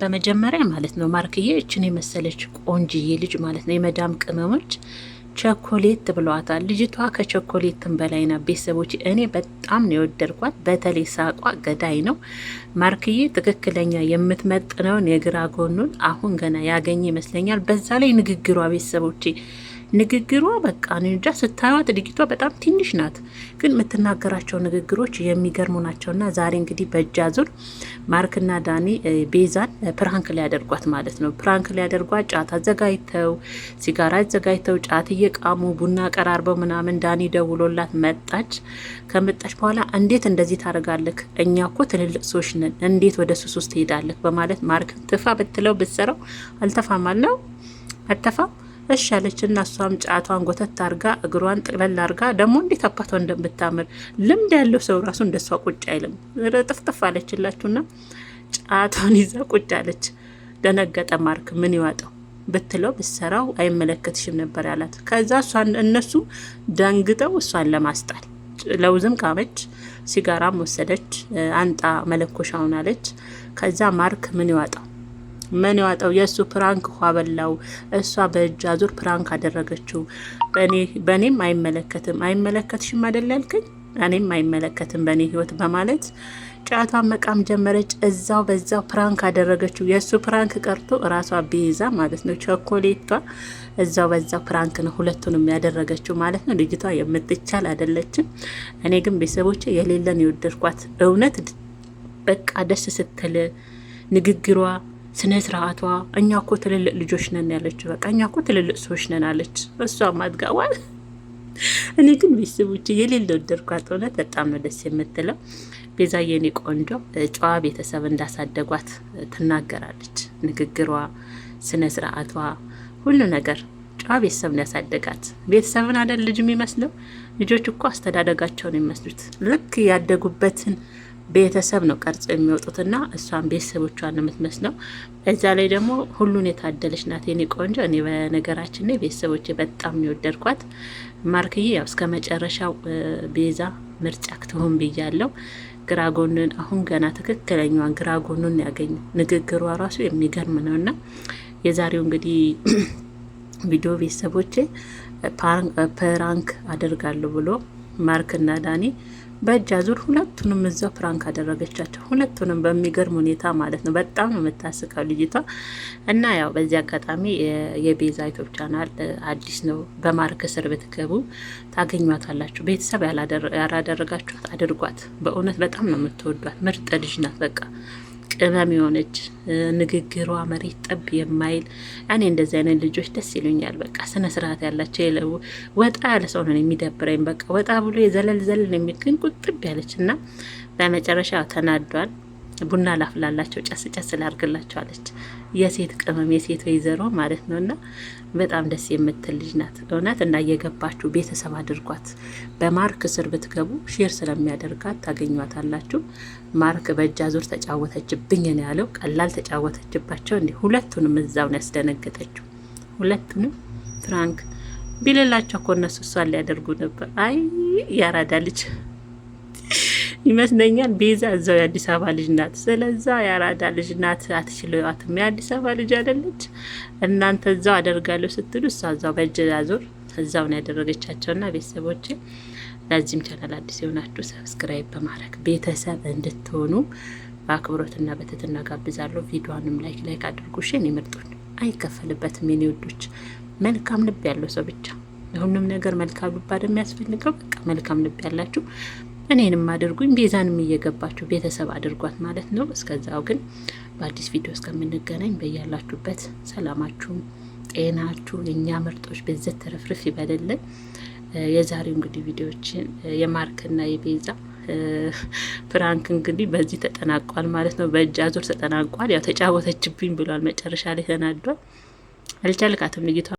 በመጀመሪያ ማለት ነው ማርክዬ እችን የመሰለች ቆንጅዬ ልጅ ማለት ነው የመዳም ቅመሞች ቸኮሌት ብለዋታል። ልጅቷ ከቸኮሌትን በላይ ና ቤተሰቦች እኔ በጣም ነው የወደድኳት። በተለይ ሳቋ ገዳይ ነው። ማርክዬ ትክክለኛ የምትመጥነውን የግራ ጎኑን አሁን ገና ያገኘ ይመስለኛል። በዛ ላይ ንግግሯ ቤተሰቦቼ ንግግሯ በቃ እንጃ ስታዩት ልጅቷ በጣም ትንሽ ናት፣ ግን የምትናገራቸው ንግግሮች የሚገርሙ ናቸውና ዛሬ እንግዲህ በእጅ ማርክና ዳኒ ቤዛን ፕራንክ ሊያደርጓት ማለት ነው። ፕራንክ ሊያደርጓት ጫት አዘጋጅተው፣ ሲጋራ አዘጋጅተው፣ ጫት እየቃሙ ቡና ቀራርበው ምናምን ዳኒ ደውሎላት መጣች። ከመጣች በኋላ እንዴት እንደዚህ ታደርጋለህ? እኛ እኮ ትልልቅ ሰዎች ነን፣ እንዴት ወደ ሱስ ውስጥ ትሄዳለህ? በማለት ማርክ ትፋ ብትለው ብትሰራው አልተፋም አለው አልተፋም እሻለች እና እሷም ጫቷን ጎተት አርጋ እግሯን ጥቅለል አርጋ ደግሞ እንዴት አባቷ እንደምታምር ልምድ ያለው ሰው ራሱ እንደሷ ቁጭ አይልም። ጥፍጥፍ አለችላችሁና ጫቷን ይዛ ቁጭ አለች። ደነገጠ። ማርክ ምን ይዋጠው ብትለው ብትሰራው አይመለከትሽም ነበር ያላት። ከዛ እሷን እነሱ ደንግጠው እሷን ለማስጣል ለውዝም ቃመች፣ ሲጋራም ወሰደች። አንጣ መለኮሻውን አለች። ከዛ ማርክ ምን ይዋጠው ምን ያዋጠው የእሱ ፕራንክ ውሃ በላው። እሷ በእጅ አዙር ፕራንክ አደረገችው። በእኔም አይመለከትም አይመለከትሽም አይደል ያልከኝ እኔም አይመለከትም በእኔ ህይወት በማለት ጫቷ መቃም ጀመረች። እዛው በዛው ፕራንክ አደረገችው። የእሱ ፕራንክ ቀርቶ እራሷ ቤዛ ማለት ነው ቸኮሌቷ እዛው በዛው ፕራንክ ነው ሁለቱንም ያደረገችው ማለት ነው። ልጅቷ የምትቻል አይደለችም። እኔ ግን ቤተሰቦቼ የሌለን የወደድኳት እውነት በቃ ደስ ስትል ንግግሯ ስነ ስርዓቷ እኛ ኮ ትልልቅ ልጆች ነን ያለች፣ በቃ እኛ ኮ ትልልቅ ሰዎች ነን አለች። እሷ ማድጋዋል። እኔ ግን ቤተሰቦቼ የሌለ ወደድኳት። እውነት በጣም ነው ደስ የምትለው ቤዛ። የኔ ቆንጆ ጨዋ ቤተሰብ እንዳሳደጓት ትናገራለች። ንግግሯ፣ ስነ ስርዓቷ፣ ሁሉ ነገር ጨዋ ቤተሰብ ነው ያሳደጋት። ቤተሰብን አደል ልጅ የሚመስለው? ልጆች እኮ አስተዳደጋቸውን የሚመስሉት ልክ ያደጉበትን ቤተሰብ ነው ቀርጾ የሚወጡትና እሷን ቤተሰቦቿን ነው የምትመስለው። በዛ ላይ ደግሞ ሁሉን የታደለች ናት የኔ ቆንጆ። እኔ በነገራችን ላይ ቤተሰቦች በጣም የወደድኳት ማርክዬ፣ ያው እስከ መጨረሻው ቤዛ ምርጫ ክትሆን ብያለው። ግራ ጎኑን አሁን ገና ትክክለኛዋን ግራ ጎኑን ያገኝ ንግግሯ ራሱ የሚገርም ነውና የዛሬው እንግዲህ ቪዲዮ ቤተሰቦቼ ፕራንክ አደርጋለሁ ብሎ ማርክና ዳኒ በእጅ አዙር ሁለቱንም እዛው ፕራንክ አደረገቻቸው። ሁለቱንም በሚገርም ሁኔታ ማለት ነው። በጣም ነው የምታስቀው ልጅቷ። እና ያው በዚህ አጋጣሚ የቤዛ ዩቱብ ቻናል አዲስ ነው። በማርክ ስር ብትገቡ ታገኟታላችሁ። ቤተሰብ ያላደረጋችኋት አድርጓት። በእውነት በጣም ነው የምትወዷት። ምርጥ ልጅ ናት በቃ ቅመም የሆነች ንግግሯ መሬት ጠብ የማይል እኔ እንደዚህ አይነት ልጆች ደስ ይሉኛል። በቃ ስነ ስርዓት ያላቸው የለው ወጣ ያለ ሰው ነው የሚደብረኝ። በቃ ወጣ ብሎ የዘለል ዘለል የሚል ግን ቁጥብ ያለች እና በመጨረሻ ተናዷል። ቡና ላፍላላቸው ጨስ ጨስ ላርግላቸው አለች። የሴት ቅመም የሴት ወይዘሮ ማለት ነው። እና በጣም ደስ የምትል ልጅ ናት እውነት። እና እየገባችሁ ቤተሰብ አድርጓት። በማርክ ስር ብትገቡ ሼር ስለሚያደርጋት ታገኟታላችሁ። ማርክ በእጅ አዙር ተጫወተችብኝ ነው ያለው። ቀላል ተጫወተችባቸው። እንዲ ሁለቱንም እዛውን ያስደነገጠችው ሁለቱንም ፍራንክ ቢልላቸው እኮ እነሱ እሷን ሊያደርጉ ነበር። አይ ያራዳ ልጅ ይመስለኛል። ቤዛ እዛው የአዲስ አበባ ልጅ ናት። ስለዛ የአራዳ ልጅ ናት፣ አትችለዋትም። የአዲስ አበባ ልጅ አይደለች። እናንተ እዛው አደርጋለሁ ስትሉ እሷ እዛው በእጅ ዛዞር እዛውን ነው ያደረገቻቸውና ቤተሰቦች ለዚህም ቻናል አዲስ የሆናችሁ ሰብስክራይብ በማድረግ ቤተሰብ እንድትሆኑ በአክብሮትና በትህትና ጋብዛለሁ። ቪዲዮንም ላይክ ላይክ አድርጉ። ሽን ይምርጡን አይከፈልበትም። የኔ ውዶች መልካም ልብ ያለው ሰው ብቻ ለሁሉም ነገር መልካም ልብ የሚያስፈልገው በቃ መልካም ልብ ያላችሁ እኔንም አድርጉኝ፣ ቤዛንም እየገባችሁ ቤተሰብ አድርጓት ማለት ነው። እስከዛው ግን በአዲስ ቪዲዮ እስከምንገናኝ በያላችሁበት ሰላማችሁ ጤናችሁ የእኛ ምርጦች በዘት ተረፍርፍ ይበልልን። የዛሬው እንግዲህ ቪዲዮችን የማርክና የቤዛ ፍራንክ እንግዲህ በዚህ ተጠናቋል ማለት ነው። በእጅ አዙር ተጠናቋል። ያው ተጫወተችብኝ ብሏል። መጨረሻ ላይ ተናዷል። አልቻልካትም ልጅቷ።